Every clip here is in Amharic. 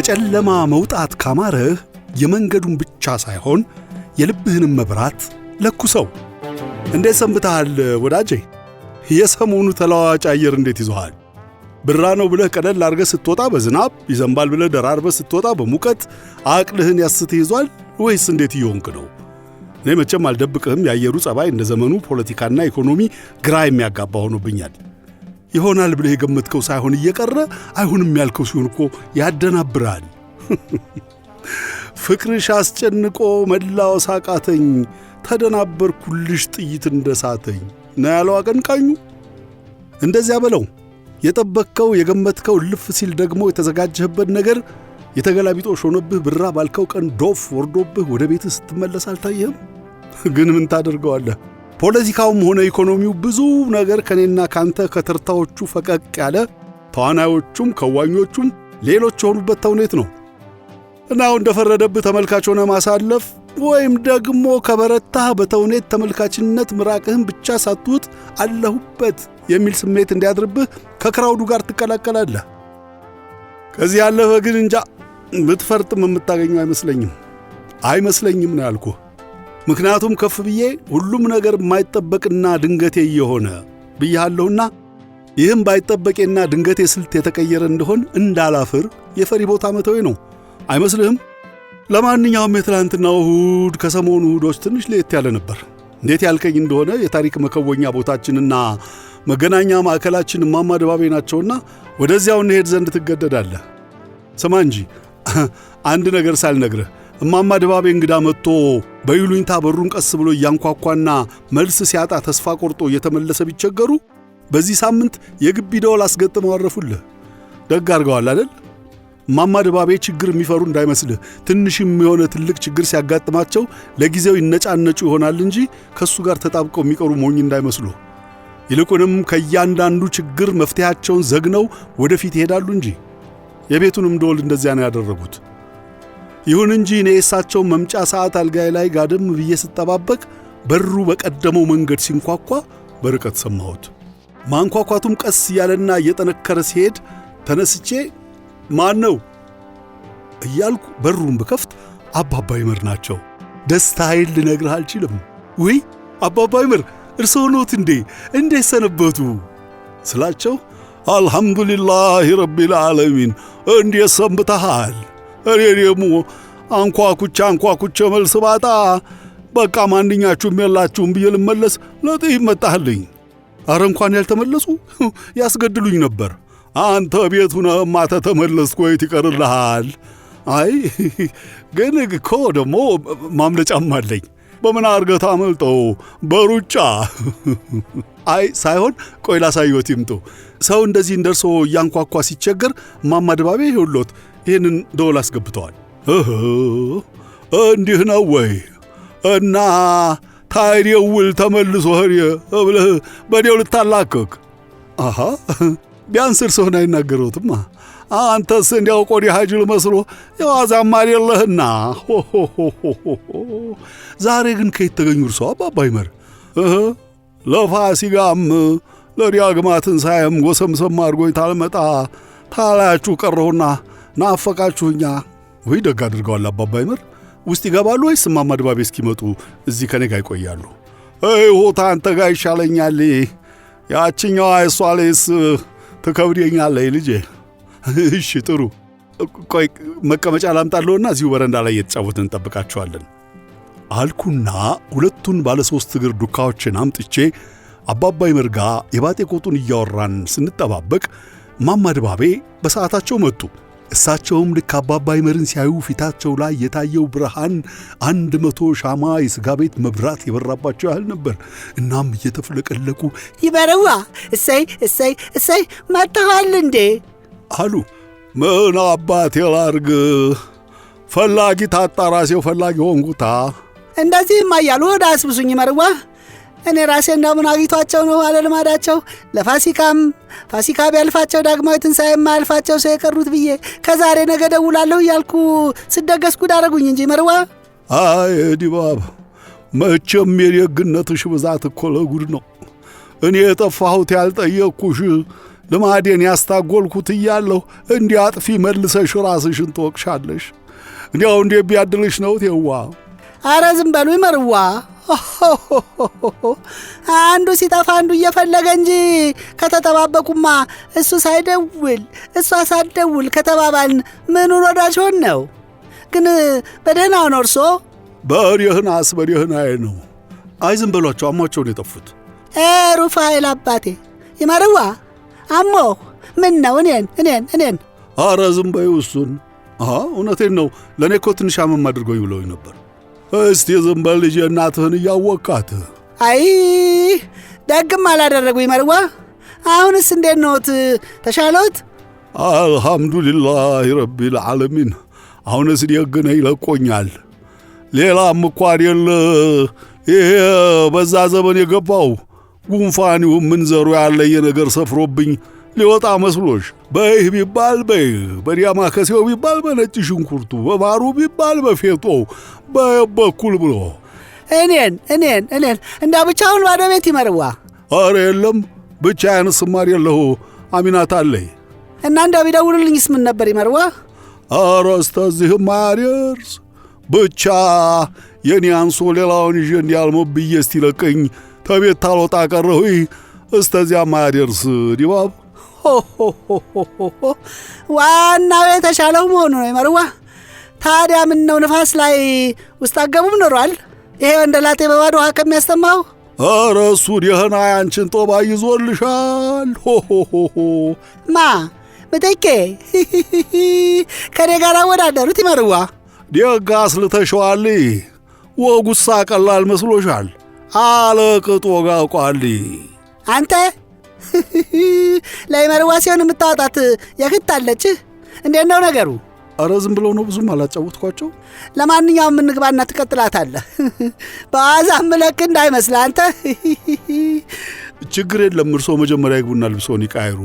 ከጨለማ መውጣት ካማረህ የመንገዱን ብቻ ሳይሆን የልብህንም መብራት ለኩሰው። እንዴት ሰንብተሃል ወዳጄ? የሰሞኑ ተለዋዋጭ አየር እንዴት ይዞሃል? ብራ ነው ብለህ ቀለል አድርገህ ስትወጣ በዝናብ ይዘንባል ብለህ ደራርበህ ስትወጣ በሙቀት አቅልህን ያስትህ ይዟል ወይስ እንዴት እየሆንክ ነው? እኔ መቼም አልደብቅህም፣ የአየሩ ጸባይ እንደ ዘመኑ ፖለቲካና ኢኮኖሚ ግራ የሚያጋባ ሆኖብኛል። ይሆናል ብለህ የገመትከው ሳይሆን እየቀረ አይሁንም ያልከው ሲሆን እኮ ያደናብራል። ፍቅርሽ አስጨንቆ መላው ሳቃተኝ፣ ተደናበርኩልሽ ጥይት እንደ ሳተኝ ነው ያለው አቀንቃኙ። እንደዚያ በለው የጠበቅከው የገመትከው ልፍ ሲል ደግሞ የተዘጋጀህበት ነገር የተገላቢጦሽ ሆኖብህ ብራ ባልከው ቀን ዶፍ ወርዶብህ ወደ ቤትህ ስትመለስ አልታየህም? ግን ምን ታደርገዋለህ? ፖለቲካውም ሆነ ኢኮኖሚው ብዙ ነገር ከእኔና ካንተ ከተርታዎቹ ፈቀቅ ያለ ተዋናዮቹም ከዋኞቹም ሌሎች የሆኑበት ተውኔት ነው እና አሁን እንደፈረደብህ ተመልካች ሆነ ማሳለፍ ወይም ደግሞ ከበረታህ በተውኔት ተመልካችነት ምራቅህን ብቻ ሳትውጥ አለሁበት የሚል ስሜት እንዲያድርብህ ከክራውዱ ጋር ትቀላቀላለህ። ከዚህ ያለፈ ግን እንጃ ብትፈርጥም የምታገኘው አይመስለኝም አይመስለኝም ነው ያልኩህ። ምክንያቱም ከፍ ብዬ ሁሉም ነገር የማይጠበቅና ድንገቴ እየሆነ ብያለሁና ይህም ባይጠበቄና ድንገቴ ስልት የተቀየረ እንደሆን እንዳላፍር የፈሪ ቦታ መተዌ ነው። አይመስልህም? ለማንኛውም የትላንትና እሁድ ከሰሞኑ እሁዶች ትንሽ ለየት ያለ ነበር። እንዴት ያልከኝ እንደሆነ የታሪክ መከወኛ ቦታችንና መገናኛ ማዕከላችን እማማ ድባቤ ናቸውና ወደዚያው እንሄድ ዘንድ ትገደዳለህ። ስማ እንጂ አንድ ነገር ሳልነግርህ እማማ ድባቤ እንግዳ መጥቶ በይሉኝታ በሩን ቀስ ብሎ እያንኳኳና መልስ ሲያጣ ተስፋ ቆርጦ እየተመለሰ ቢቸገሩ በዚህ ሳምንት የግቢ ደወል አስገጥመው አረፉልህ። ደግ አድርገዋል አደል? እማማ ድባቤ ችግር የሚፈሩ እንዳይመስልህ። ትንሽም የሆነ ትልቅ ችግር ሲያጋጥማቸው ለጊዜው ይነጫነጩ ይሆናል እንጂ ከእሱ ጋር ተጣብቀው የሚቀሩ ሞኝ እንዳይመስሉ። ይልቁንም ከእያንዳንዱ ችግር መፍትሄያቸውን ዘግነው ወደፊት ይሄዳሉ እንጂ የቤቱንም ደወል እንደዚያ ነው ያደረጉት። ይሁን እንጂ እኔ የእሳቸው መምጫ ሰዓት አልጋይ ላይ ጋደም ብዬ ስጠባበቅ በሩ በቀደመው መንገድ ሲንኳኳ በርቀት ሰማሁት። ማንኳኳቱም ቀስ እያለና እየጠነከረ ሲሄድ ተነስቼ ማን ነው እያልኩ በሩን ብከፍት አባባ ይመር ናቸው። ደስታ ኃይል ልነግርህ አልችልም። ውይ አባባ ይመር እርስዎ ኖት እንዴ? እንዴት ሰነበቱ ስላቸው አልሐምዱሊላህ ረቢል ዓለሚን እንዴት ሰንብተሃል እኔ ደግሞ አንኳኩቼ አንኳኩቼ መልስ ባጣ በቃ ማንኛችሁም የላችሁም ብዬ ልመለስ ለጥይት መጣህልኝ። አረ እንኳን ያልተመለሱ ያስገድሉኝ ነበር። አንተ ቤት ማተ ተተመለስክ ወይ ይቀርልሃል። አይ ግን እኮ ደግሞ ማምለጫም አለኝ በምን አርገህ ታመልጠው? በሩጫ አይ ሳይሆን፣ ቆይ ላሳይዎት ይምጡ። ሰው እንደዚህ እንደርሶ እያንኳኳ ሲቸገር ማማ ድባቤ ይኸውልዎት ይህንን ደወል አስገብተዋል። እንዲህ ነው ወይ እና ታይደውል ተመልሶ ሄደ ብለህ በኔው ልታላክክ አሃ ቢያንስ እርስዎን አይናገረውትማ አንተስ እንዲያው ቆዲ ሐጅል መስሎ የዋዛም አሌለህና። ዛሬ ግን ከየት ተገኙ እርሶ አባባ ይመር? ለፋሲጋም ለዳግማ ትንሣኤም ጎሰምሰም አድርጎኝ ታልመጣ ታላያችሁ ቀረሁና ናፈቃችሁኛ። ወይ ደግ አድርገዋል አባባ ይመር። ውስጥ ይገባሉ ወይስ እማማ ድባቤ እስኪመጡ እዚህ ከኔ ጋር ይቆያሉ? ይሁት አንተ ጋር ይሻለኛል። ያችኛዋ የሷ ሌስ ትከብደኛለች ልጄ እሺ ጥሩ። ቆይ መቀመጫ ላምጣለሁና እዚሁ በረንዳ ላይ እየተጫወትን እንጠብቃቸዋለን አልኩና ሁለቱን ባለ ሦስት እግር ዱካዎችን አምጥቼ አባባይ መርጋ የባጤ ቆጡን እያወራን ስንጠባበቅ ማማ ድባቤ በሰዓታቸው መጡ። እሳቸውም ልክ አባባይ መርን ሲያዩ ፊታቸው ላይ የታየው ብርሃን አንድ መቶ ሻማ የሥጋ ቤት መብራት የበራባቸው ያህል ነበር። እናም እየተፍለቀለቁ ይበረዋ እሰይ እሰይ እሰይ መጥተዋል እንዴ አሉ። ምን አባቴ ላርግ? ፈላጊ ታጣ ራሴው ፈላጊ ሆንኩታ። እንደዚህማ እያሉ ወደ አስብሱኝ መርዋ እኔ ራሴ እንደምን አግኝቷቸው ነው ልማዳቸው ለፋሲካም ፋሲካ ቢያልፋቸው ዳግማዊ ትንሣኤ የማያልፋቸው ሰው የቀሩት ብዬ ከዛሬ ነገ ደውላለሁ እያልኩ ስደገስኩ ዳረጉኝ እንጂ መርዋ። አይ ዲባብ፣ መቼም የደግነትሽ ብዛት እኮ ለጉድ ነው። እኔ የጠፋሁት ያልጠየቅኩሽ ልማዴን ያስታጎልኩት እያለሁ እንዲህ አጥፊ መልሰሽ ራስሽን ትወቅሻለሽ። እንዲያው እንዴ ቢያድልሽ ነው ቴዋ። አረ ዝም በሉ ይመርዋ። አንዱ ሲጠፋ አንዱ እየፈለገ እንጂ ከተጠባበቁማ እሱ ሳይደውል እሷ ሳትደውል ከተባባልን ምን ወዳጅ ሆን ነው። ግን በደህና ነው እርሶ? በደህናስ በደህናዬ ነው። አይ ዝም በሏቸው፣ አሟቸውን የጠፉት ሩፋኤል አባቴ ይመርዋ አሞ ምን ነው? እኔን እኔን እኔን? አረ ዝም በይው እሱን። እውነቴን ነው። ለእኔ እኮ ትንሽ አመም አድርጎኝ ብለውኝ ነበር። እስቲ ዝም በል ልጄ፣ እናትህን እያወቃት። አይ ደግም አላደረጉኝ መርዋ። አሁንስ እንዴት ኖት? ተሻሎት? አልሐምዱሊላህ ረቢል ዓለሚን። አሁንስ ደግነ ይለቆኛል። ሌላም እኳ አይደል ይሄ በዛ ዘመን የገባው ጉንፋኒው ዘሩ ያለየ ነገር ሰፍሮብኝ ሊወጣ መስሎሽ በይህ ቢባል በይህ፣ ከሴው ቢባል በነጭ ሽንኩርቱ፣ በማሩ ቢባል በፌጦ በበኩል ብሎ እኔን እኔን እኔን እንዳ ብቻውን ባዶ ቤት ይመርዋ። አረ የለም ብቻ ስማር የለሁ አሚናት አለይ እና እንዳ ቢደውሉልኝስ ምን ነበር ይመርዋ። ኧረ እስተዚህም አያደርስ ብቻ የእኔ አንሶ ሌላውን ይዤ እንዲያልሞብዬ እስቲለቀኝ ተቤት ታልወጣ ቀረሁኝ። እስተዚያ ማያደርስ ዲባብ ዋናው የተሻለው መሆኑ ነው የመርዋ ታዲያ ምን ነው ንፋስ ላይ ውስጥ አገቡም ኖሯል። ይሄ ወንደላጤ በባዶ ውሃ ከሚያስተማው ኧረ እሱ ደህና ያንችን ጦባ ይዞልሻል። ሆሆሆሆ ማ ምትኬ ከኔ ጋር አወዳደሩት ይመርዋ ደጋ አስልተሸዋል። ወጉሳ ቀላል መስሎሻል? አለቅጦ ጋቋል። አንተ ላይ መርዋ ሲሆን የምታወጣት የክት አለችህ። እንዴት ነው ነገሩ? እረ ዝም ብለው ነው፣ ብዙም አላጫወትኳቸው። ለማንኛውም እንግባና ትቀጥላታለህ። በዋዛ ምለክ እንዳይመስል አንተ። ችግር የለም እርሶ መጀመሪያ ይግቡና ልብሶን ይቃይሩ።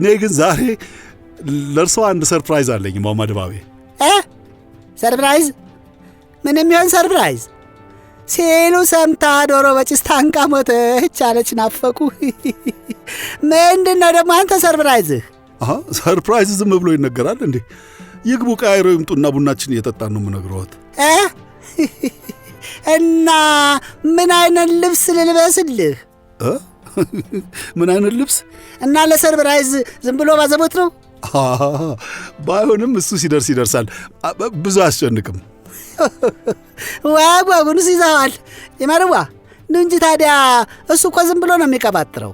እኔ ግን ዛሬ ለእርሶ አንድ ሰርፕራይዝ አለኝ። ማማ ድባቤ ሰርፕራይዝ ምንም ይሆን ሰርፕራይዝ ሲሉ ሰምታ ዶሮ በጭስ ታንቃ ሞተች አለች። ናፈቁ ምንድን ነው ደግሞ አንተ ሰርፕራይዝህ? ሰርፕራይዝ ዝም ብሎ ይነገራል እንዴ? ይግቡ ቀያይሮ ይምጡና ቡናችን እየጠጣን ነው የምነግረዎት። እና ምን አይነት ልብስ ልልበስልህ? ምን አይነት ልብስ እና ለሰርፕራይዝ ዝም ብሎ ባዘቦት ነው። ባይሆንም እሱ ሲደርስ ይደርሳል፣ ብዙ አያስጨንቅም። ዋጓ ጉንስ ይዘዋል። የማርዋ እንጂ ታዲያ እሱ እኮ ዝም ብሎ ነው የሚቀባጥረው።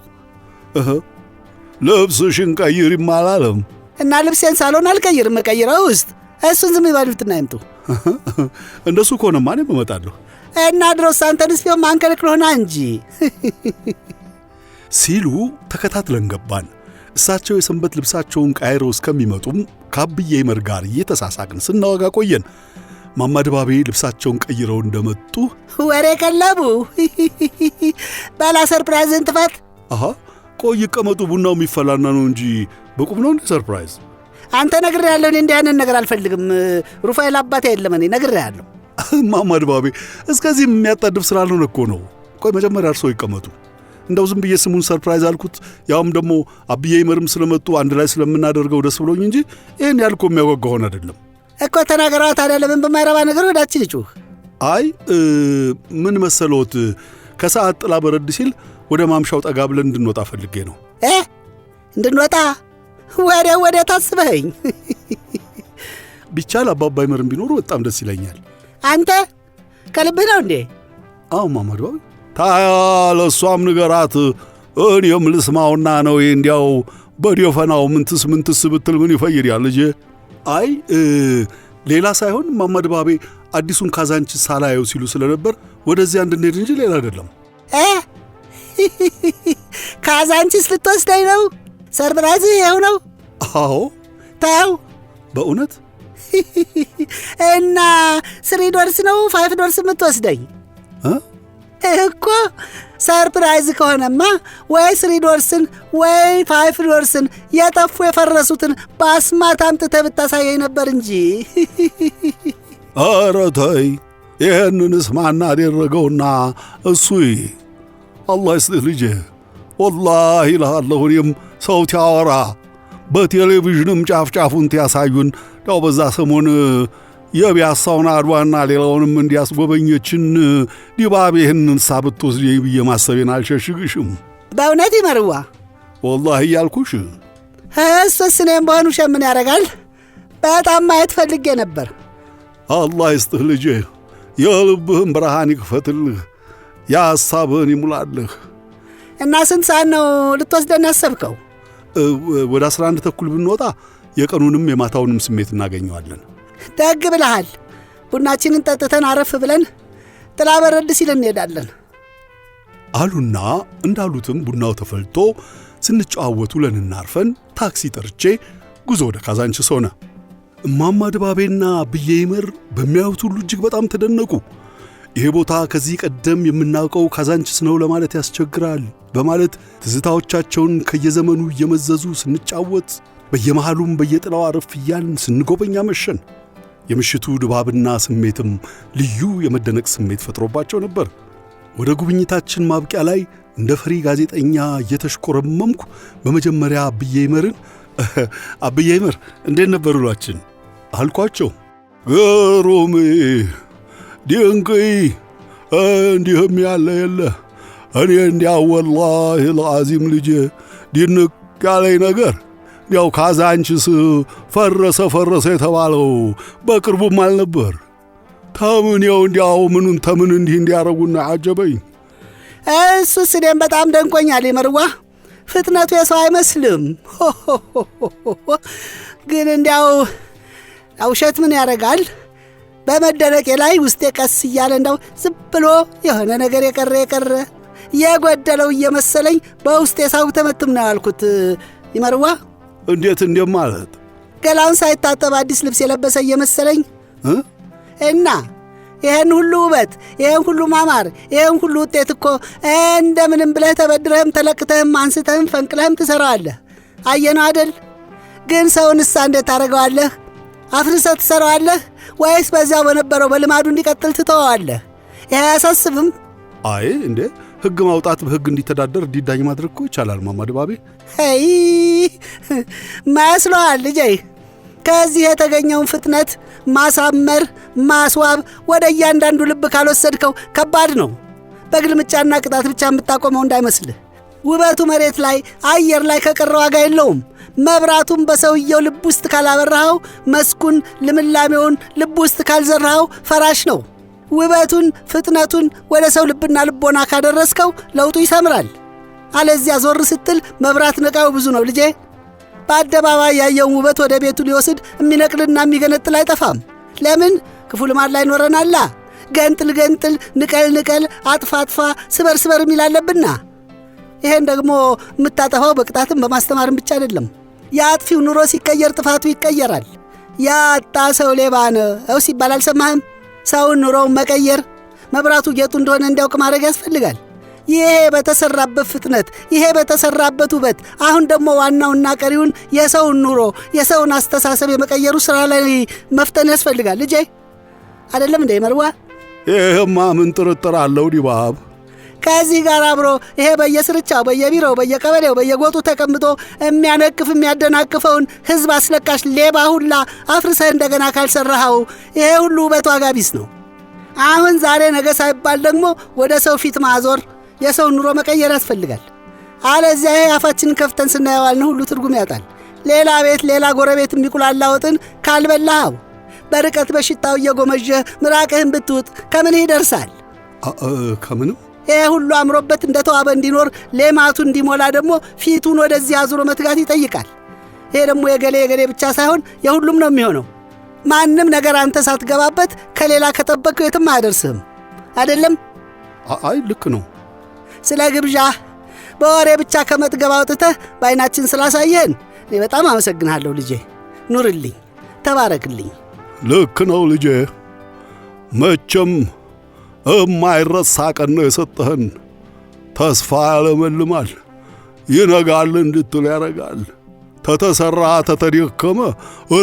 ልብስሽን ቀይሪም አላለም እና ልብሴን ሳሎን አልቀይርም። ቀይረው ውስጥ እሱን ዝም ይበሉትና ይምጡ። እንደሱ ከሆነማ እኔም እመጣለሁ። እና ድሮስ አንተንስ ቢሆን ማንከልክሎና እንጂ ሲሉ ተከታትለን ገባን። እሳቸው የሰንበት ልብሳቸውን ቀይረው እስከሚመጡም ከአብዬ ይመር ጋር እየተሳሳቅን ስናወጋ ቆየን። ድባቤ ልብሳቸውን ቀይረው እንደመጡ ወሬ ቀለቡ ባላ ሰርፕራይዝን ጥፋት። አሃ ቆይ ይቀመጡ፣ ቡናው የሚፈላና ነው እንጂ በቁም ነው እንደ ሰርፕራይዝ። አንተ ያለው እኔ እንዲህ አይነት ነገር አልፈልግም። ሩፋኤል አባቴ የለም፣ እኔ ነግሬሃለሁ። ማማድባቤ እስከዚህ የሚያጣድፍ ስላልሆነ እኮ ነው። ቆይ መጀመሪያ እርስዎ ይቀመጡ። እንደው ዝም ብዬ ስሙን ሰርፕራይዝ አልኩት። ያውም ደግሞ አብዬ ይመርም ስለመጡ አንድ ላይ ስለምናደርገው ደስ ብሎኝ እንጂ ይህን ያልኮ የሚያጓጓ ሆን አይደለም። እኮ ተናገራ ታዲያ ለምን በማይረባ ነገር ወዳችን ይጩህ? አይ ምን መሰሎት፣ ከሰዓት ጥላ በረድ ሲል ወደ ማምሻው ጠጋ ብለን እንድንወጣ ፈልጌ ነው። እንድንወጣ ወደ ወዲያ ታስበኸኝ። ቢቻል አባባይ መርን ቢኖሩ በጣም ደስ ይለኛል። አንተ ከልብህ ነው እንዴ? አዎ ማማ ድባብ ታያ ለእሷም ንገራት እኔም ልስማውና ነው እንዲያው በደፈናው ምንትስ ምንትስ ብትል ምን ይፈይዳል ልጄ አይ ሌላ ሳይሆን ማማድባቤ ድባቤ አዲሱን ካዛንች ሳላየው ሲሉ ስለነበር ወደዚያ እንድንሄድ እንጂ ሌላ አይደለም። ካዛንቺስ ልትወስደኝ ነው? ሰርፕራይዝ ይኸው ነው። አዎ ታው በእውነት እና ስሪ ዶርስ ነው ፋይፍ ዶርስ የምትወስደኝ? እኮ ሰርፕራይዝ ከሆነማ ወይ ስሪዶርስን ወይ ፋይፍዶርስን የጠፉ የፈረሱትን በአስማት አምጥተህ ብታሳየኝ ነበር እንጂ። ኧረ ተይ፣ ይህንንስ ማን አደረገውና እሱይ። አላህ ይስጥህ ልጄ፣ ወላሂ እልሃለሁ። እኔም ሰው ቲያወራ በቴሌቪዥንም ጫፍጫፉን ቲያሳዩን ያው በዛ ሰሞን የቢያሳውን አድዋና ሌላውንም እንዲያስጎበኘችን ዲባብ ይህንን ሳብትወስድ ብዬ ማሰቤን አልሸሽግሽም። በእውነት ይመርዋ ወላህ እያልኩሽ እሱስ በሆኑ ሸምን ያደርጋል። በጣም ማየት ፈልጌ ነበር። አላህ ይስጥህ ልጄ፣ የልብህን ብርሃን ይክፈትልህ፣ የሐሳብህን ይሙላልህ። እና ስንት ሰዓት ነው ልትወስደን ያሰብከው? ወደ አስራ አንድ ተኩል ብንወጣ የቀኑንም የማታውንም ስሜት እናገኘዋለን። ደግ ብለሃል። ቡናችንን ጠጥተን አረፍ ብለን ጥላ በረድ ሲል እንሄዳለን አሉና እንዳሉትም ቡናው ተፈልቶ ስንጨዋወት ውለን እናርፈን ታክሲ ጠርቼ ጉዞ ወደ ካዛንችስ ሆነ። እማማ ድባቤና ብዬ ይመር በሚያዩት ሁሉ እጅግ በጣም ተደነቁ። ይሄ ቦታ ከዚህ ቀደም የምናውቀው ካዛንችስ ነው ለማለት ያስቸግራል በማለት ትዝታዎቻቸውን ከየዘመኑ እየመዘዙ ስንጫወት፣ በየመሃሉም በየጥላው አረፍ እያልን ስንጎበኛ መሸን። የምሽቱ ድባብና ስሜትም ልዩ የመደነቅ ስሜት ፈጥሮባቸው ነበር። ወደ ጉብኝታችን ማብቂያ ላይ እንደ ፈሪ ጋዜጠኛ እየተሽኮረመምኩ በመጀመሪያ አብዬ ይመርን አብዬ ይመር እንዴት ነበር ውሏችን አልኳቸው። ግሩም ድንቅይ እንዲህም ያለ የለ እኔ እንዲያወላሂ ልዓዚም ልጄ ድንቅ ያለኝ ነገር ያው ካዛንችስ ፈረሰ ፈረሰ የተባለው በቅርቡም አልነበር። ያው እንዲያው ምኑን ተምን እንዲህ እንዲያረጉና አጀበኝ። እሱ እኔም በጣም ደንቆኛል። ይመርዋ ፍጥነቱ የሰው አይመስልም። ግን እንዲያው ውሸት ምን ያደርጋል? በመደነቄ ላይ ውስጤ ቀስ እያለ እንዳው ዝም ብሎ የሆነ ነገር የቀረ የቀረ የጎደለው እየመሰለኝ በውስጤ ሳው ተመትም ነው ያልኩት ይመርዋ እንዴት እንዴት ገላውን ሳይታጠብ አዲስ ልብስ የለበሰ እየመሰለኝ እና ይህን ሁሉ ውበት፣ ይህን ሁሉ ማማር፣ ይህን ሁሉ ውጤት እኮ እንደምንም ብለህ ተበድረህም ተለቅተህም አንስተህም ፈንቅለህም ትሠራዋለህ። አየነው አደል? ግን ሰውን እሳ እንዴት ታደርገዋለህ? አፍርሰህ ትሠራዋለህ ወይስ በዚያው በነበረው በልማዱ እንዲቀጥል ትተዋዋለህ? ይህ አያሳስብም? አይ እንዴ ህግ ማውጣት በህግ እንዲተዳደር እንዲዳኝ ማድረግ እኮ ይቻላል። ማማ ድባቤ ይ መስሎሃል ልጄ። ከዚህ የተገኘውን ፍጥነት ማሳመር፣ ማስዋብ ወደ እያንዳንዱ ልብ ካልወሰድከው ከባድ ነው። በግልምጫና ቅጣት ብቻ የምታቆመው እንዳይመስልህ። ውበቱ መሬት ላይ አየር ላይ ከቀረ ዋጋ የለውም። መብራቱን በሰውየው ልብ ውስጥ ካላበራኸው፣ መስኩን ልምላሜውን ልብ ውስጥ ካልዘራኸው ፈራሽ ነው። ውበቱን ፍጥነቱን ወደ ሰው ልብና ልቦና ካደረስከው ለውጡ ይሰምራል። አለዚያ ዞር ስትል መብራት ነቃው ብዙ ነው ልጄ። በአደባባይ ያየውን ውበት ወደ ቤቱ ሊወስድ የሚነቅልና የሚገነጥል አይጠፋም። ለምን ክፉ ልማድ ላይ ኖረናላ። ገንጥል ገንጥል፣ ንቀል ንቀል፣ አጥፋ አጥፋ፣ ስበር ስበር የሚል አለብና ይሄን ደግሞ የምታጠፋው በቅጣትም በማስተማርም ብቻ አይደለም። የአጥፊው ኑሮ ሲቀየር ጥፋቱ ይቀየራል። ያጣ ሰው ሌባ ነው ሲባል አልሰማህም? ሰውን ኑሮውን መቀየር መብራቱ ጌጡ እንደሆነ እንዲያውቅ ማድረግ ያስፈልጋል። ይሄ በተሰራበት ፍጥነት፣ ይሄ በተሰራበት ውበት፣ አሁን ደግሞ ዋናውና ቀሪውን የሰውን ኑሮ የሰውን አስተሳሰብ የመቀየሩ ስራ ላይ መፍጠን ያስፈልጋል። ልጄ አደለም እንደ መርዋ ይህማ ምን ጥርጥር አለው ዲባብ ከዚህ ጋር አብሮ ይሄ በየስርቻው በየቢሮው በየቀበሌው በየጎጡ ተቀምጦ የሚያነቅፍ የሚያደናቅፈውን ህዝብ አስለቃሽ ሌባ ሁላ አፍርሰህ እንደገና ካልሰራኸው ይሄ ሁሉ ውበቱ ዋጋ ቢስ ነው። አሁን ዛሬ ነገ ሳይባል ደግሞ ወደ ሰው ፊት ማዞር የሰው ኑሮ መቀየር ያስፈልጋል። አለዚያ ይሄ አፋችንን ከፍተን ስናየዋልን ሁሉ ትርጉም ያጣል። ሌላ ቤት ሌላ ጎረቤት የሚቁላላ ወጥን ካልበላኸው በርቀት በሽታው እየጎመዠህ ምራቅህን ብትውጥ ከምን ይደርሳል? ከምንም ይሄ ሁሉ አምሮበት እንደተዋበ እንዲኖር ሌማቱ እንዲሞላ ደግሞ ፊቱን ወደዚህ አዙሮ መትጋት ይጠይቃል። ይሄ ደግሞ የገሌ የገሌ ብቻ ሳይሆን የሁሉም ነው የሚሆነው። ማንም ነገር አንተ ሳትገባበት ከሌላ ከጠበቅከው የትም አያደርስህም። አይደለም? አይ ልክ ነው። ስለ ግብዣ በወሬ ብቻ ከመጥገብ አውጥተህ በአይናችን ስላሳየህን እኔ በጣም አመሰግንሃለሁ ልጄ። ኑርልኝ፣ ተባረክልኝ። ልክ ነው ልጄ መቼም እማይረሳ ቀን ነው የሰጠህን። ተስፋ ያለመልማል፣ ይነጋል እንድትል ያደርጋል። ተተሰራ ተተደከመ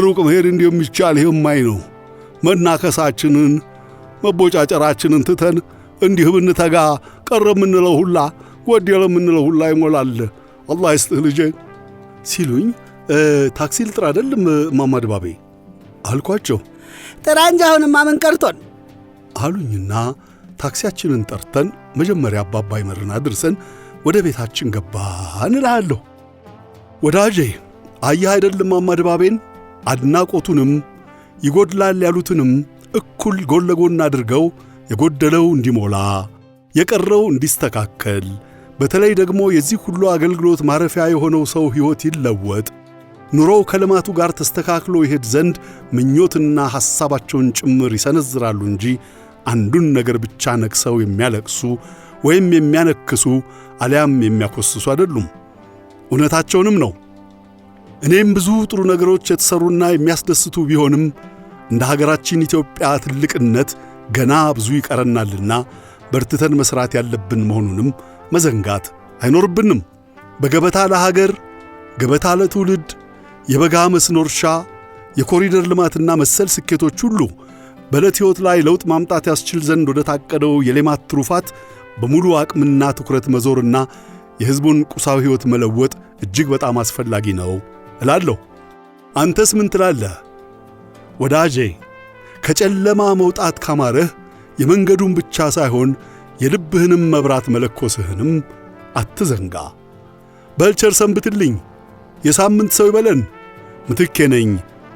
ሩቅ መሄድ እንደሚቻል የማይ ነው። መናከሳችንን መቦጫጨራችንን ትተን እንዲህ ብንተጋ ቀረ የምንለው ሁላ ጎደለ የምንለው ሁላ ይሞላል። አላህ ይስጥህ ልጄ ሲሉኝ ታክሲ ልጥራ አይደለም እማማ ድባቤ አልኳቸው። ጥራ እንጂ አሁንማ ምን ቀርቶን አሉኝና ታክሲያችንን ጠርተን መጀመሪያ አባባይ መርን አድርሰን ወደ ቤታችን ገባ እንላለሁ ወዳጄ አየህ አይደለም ማማ ድባቤን አድናቆቱንም ይጎድላል ያሉትንም እኩል ጎን ለጎን አድርገው የጎደለው እንዲሞላ የቀረው እንዲስተካከል በተለይ ደግሞ የዚህ ሁሉ አገልግሎት ማረፊያ የሆነው ሰው ሕይወት ይለወጥ ኑሮው ከልማቱ ጋር ተስተካክሎ ይሄድ ዘንድ ምኞትና ሐሳባቸውን ጭምር ይሰነዝራሉ እንጂ አንዱን ነገር ብቻ ነክሰው የሚያለቅሱ ወይም የሚያነክሱ አሊያም የሚያኮስሱ አይደሉም። እውነታቸውንም ነው። እኔም ብዙ ጥሩ ነገሮች የተሠሩና የሚያስደስቱ ቢሆንም እንደ ሀገራችን ኢትዮጵያ ትልቅነት ገና ብዙ ይቀረናልና በርትተን መሥራት ያለብን መሆኑንም መዘንጋት አይኖርብንም። በገበታ ለሀገር ገበታ ለትውልድ የበጋ መስኖ እርሻ፣ የኮሪደር ልማትና መሰል ስኬቶች ሁሉ በዕለት ሕይወት ላይ ለውጥ ማምጣት ያስችል ዘንድ ወደ ታቀደው የሌማት ትሩፋት በሙሉ አቅምና ትኩረት መዞርና የሕዝቡን ቁሳዊ ሕይወት መለወጥ እጅግ በጣም አስፈላጊ ነው እላለሁ። አንተስ ምን ትላለህ ወዳጄ? ከጨለማ መውጣት ካማረህ የመንገዱን ብቻ ሳይሆን የልብህንም መብራት መለኮስህንም አትዘንጋ። በልቸር ሰንብትልኝ፣ የሳምንት ሰው ይበለን። ምትኬ ነኝ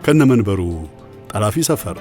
ከነመንበሩ ጠላፊ ሰፈር